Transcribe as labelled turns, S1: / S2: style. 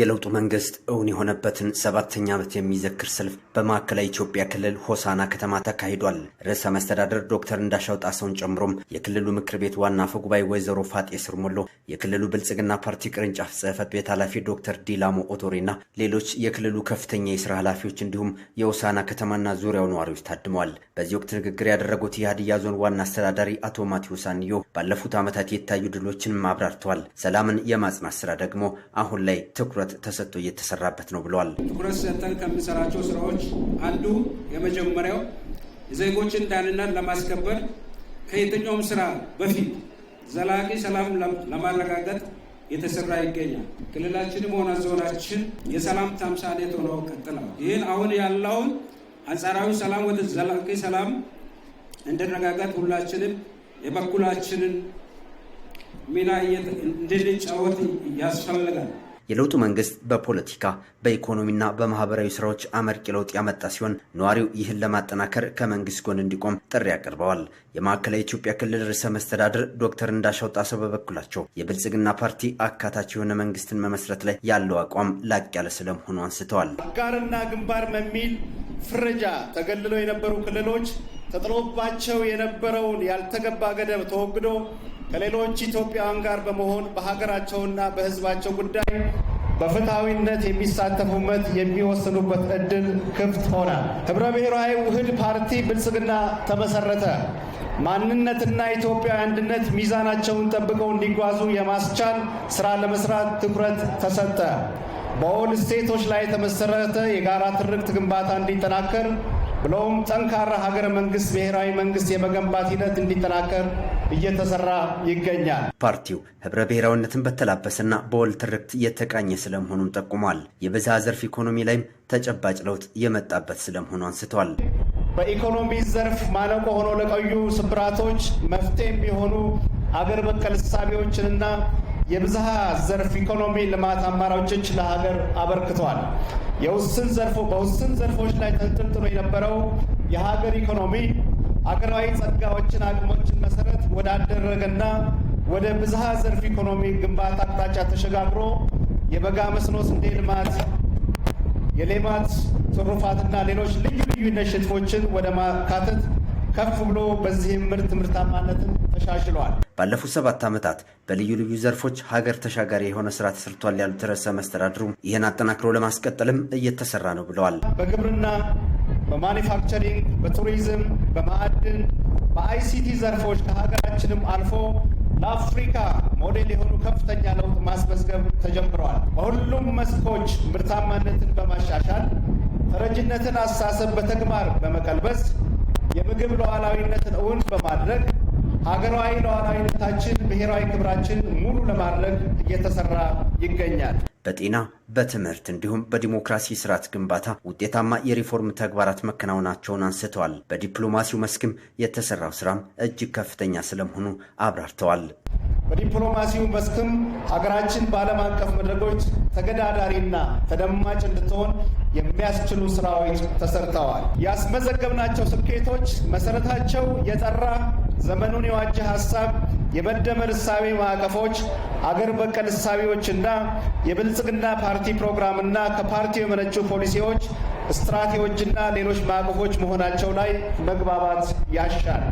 S1: የለውጡ መንግስት እውን የሆነበትን ሰባተኛ ዓመት የሚዘክር ሰልፍ በማዕከላዊ ኢትዮጵያ ክልል ሆሳና ከተማ ተካሂዷል። ርዕሰ መስተዳደር ዶክተር እንዳሻው ጣሰውን ጨምሮም የክልሉ ምክር ቤት ዋና አፈ ጉባኤ ወይዘሮ ፋጤ ስርሞሎ፣ የክልሉ ብልጽግና ፓርቲ ቅርንጫፍ ጽህፈት ቤት ኃላፊ ዶክተር ዲላሞ ኦቶሬ እና ሌሎች የክልሉ ከፍተኛ የስራ ኃላፊዎች እንዲሁም የሆሳና ከተማና ዙሪያው ነዋሪዎች ታድመዋል። በዚህ ወቅት ንግግር ያደረጉት የሀዲያ ዞን ዋና አስተዳዳሪ አቶ ማቴዎስ አንዮ ባለፉት ዓመታት የታዩ ድሎችንም አብራርተዋል። ሰላምን የማጽናት ስራ ደግሞ አሁን ላይ ትኩረት ትኩረት ተሰጥቶ እየተሰራበት ነው ብለዋል።
S2: ትኩረት ሰጥተን ከምንሰራቸው ስራዎች አንዱ የመጀመሪያው የዜጎችን ደህንነት ለማስከበር ከየትኛውም ስራ በፊት ዘላቂ ሰላም ለማረጋገጥ የተሰራ ይገኛል። ክልላችንም ሆነ ዞናችን የሰላም ተምሳሌት ሆኖ ቀጥላል። ይህን አሁን ያለውን አንጻራዊ ሰላም ወደ ዘላቂ ሰላም እንድረጋገጥ ሁላችንም የበኩላችንን ሚና እንድንጫወት ያስፈልጋል።
S1: የለውጡ መንግስት በፖለቲካ በኢኮኖሚና በማህበራዊ ስራዎች አመርቂ ለውጥ ያመጣ ሲሆን ነዋሪው ይህን ለማጠናከር ከመንግስት ጎን እንዲቆም ጥሪ አቅርበዋል። የማዕከላዊ ኢትዮጵያ ክልል ርዕሰ መስተዳድር ዶክተር እንዳሻው ጣሰው በበኩላቸው የብልጽግና ፓርቲ አካታች የሆነ መንግስትን መመስረት ላይ ያለው አቋም ላቅ ያለ ስለመሆኑ አንስተዋል።
S2: አጋርና ግንባር በሚል ፍረጃ ተገልለው የነበሩ ክልሎች ተጥሎባቸው የነበረውን ያልተገባ ገደብ ተወግዶ ከሌሎች ኢትዮጵያውያን ጋር በመሆን በሀገራቸውና በሕዝባቸው ጉዳይ በፍትሐዊነት የሚሳተፉበት የሚወስኑበት እድል ክፍት ሆነ። ህብረ ብሔራዊ ውህድ ፓርቲ ብልጽግና ተመሰረተ። ማንነትና ኢትዮጵያዊ አንድነት ሚዛናቸውን ጠብቀው እንዲጓዙ የማስቻል ስራ ለመስራት ትኩረት ተሰጠ። በኦል ስቴቶች ላይ የተመሰረተ የጋራ ትርክት ግንባታ እንዲጠናከር ብሎም ጠንካራ ሀገረ መንግስት ብሔራዊ መንግስት የመገንባት ሂደት እንዲጠናከር እየተሰራ ይገኛል።
S1: ፓርቲው ህብረ ብሔራዊነትን በተላበሰና በወል ትርክት እየተቃኘ ስለመሆኑም ጠቁሟል። የብዝሃ ዘርፍ ኢኮኖሚ ላይም ተጨባጭ ለውጥ የመጣበት ስለመሆኑ አንስቷል።
S2: በኢኮኖሚ ዘርፍ ማነቆ ሆኖ ለቆዩ ስብራቶች መፍትሄ የሚሆኑ አገር በቀል እሳቤዎችንና የብዝሃ ዘርፍ ኢኮኖሚ ልማት አማራጮች ለሀገር አበርክቷል። የውስን ዘርፎ በውስን ዘርፎች ላይ ተንጠልጥሎ የነበረው የሀገር ኢኮኖሚ አገራዊ ጸጋዎችን፣ አቅሞችን መሰረት ወዳደረገና ወደ ብዝሃ ዘርፍ ኢኮኖሚ ግንባታ አቅጣጫ ተሸጋግሮ የበጋ መስኖ፣ ስንዴ ልማት፣ የሌማት ትሩፋትና ሌሎች ልዩ ልዩ ኢነሽቲቮችን ወደ ማካተት ከፍ ብሎ በዚህም ምርት ምርታማነትን ተሻሽሏል።
S1: ባለፉት ሰባት ዓመታት በልዩ ልዩ ዘርፎች ሀገር ተሻጋሪ የሆነ ስራ ተሰርቷል ያሉት ርዕሰ መስተዳድሩ ይህን አጠናክሮ ለማስቀጠልም እየተሰራ ነው ብለዋል።
S2: በግብርና፣ በማኒፋክቸሪንግ፣ በቱሪዝም፣ በማዕድን፣ በአይሲቲ ዘርፎች ከሀገራችንም አልፎ ለአፍሪካ ሞዴል የሆኑ ከፍተኛ ለውጥ ማስመዝገብ ተጀምረዋል። በሁሉም መስኮች ምርታማነትን በማሻሻል ተረጅነትን አስተሳሰብ በተግባር በመቀልበስ የምግብ ሉዓላዊነትን እውን በማድረግ ሀገራዊ ሉዓላዊነታችን ብሔራዊ ክብራችን ሙሉ ለማድረግ እየተሰራ ይገኛል።
S1: በጤና በትምህርት እንዲሁም በዲሞክራሲ ስርዓት ግንባታ ውጤታማ የሪፎርም ተግባራት መከናወናቸውን አንስተዋል። በዲፕሎማሲው መስክም የተሰራው ስራም እጅግ ከፍተኛ ስለመሆኑ አብራርተዋል።
S2: በዲፕሎማሲው መስክም ሀገራችን በዓለም አቀፍ መድረኮች ተገዳዳሪና ተደማጭ እንድትሆን የሚያስችሉ ስራዎች ተሰርተዋል። ያስመዘገብናቸው ስኬቶች መሰረታቸው የጠራ ዘመኑን የዋጀ ሀሳብ፣ የበደመ እሳቤ ማዕቀፎች፣ አገር በቀል እሳቤዎችና የብልጽግና ፓርቲ ፕሮግራምና ከፓርቲው የመነጩ ፖሊሲዎች፣ ስትራቴጂዎችና ሌሎች ማዕቀፎች መሆናቸው ላይ መግባባት ያሻል።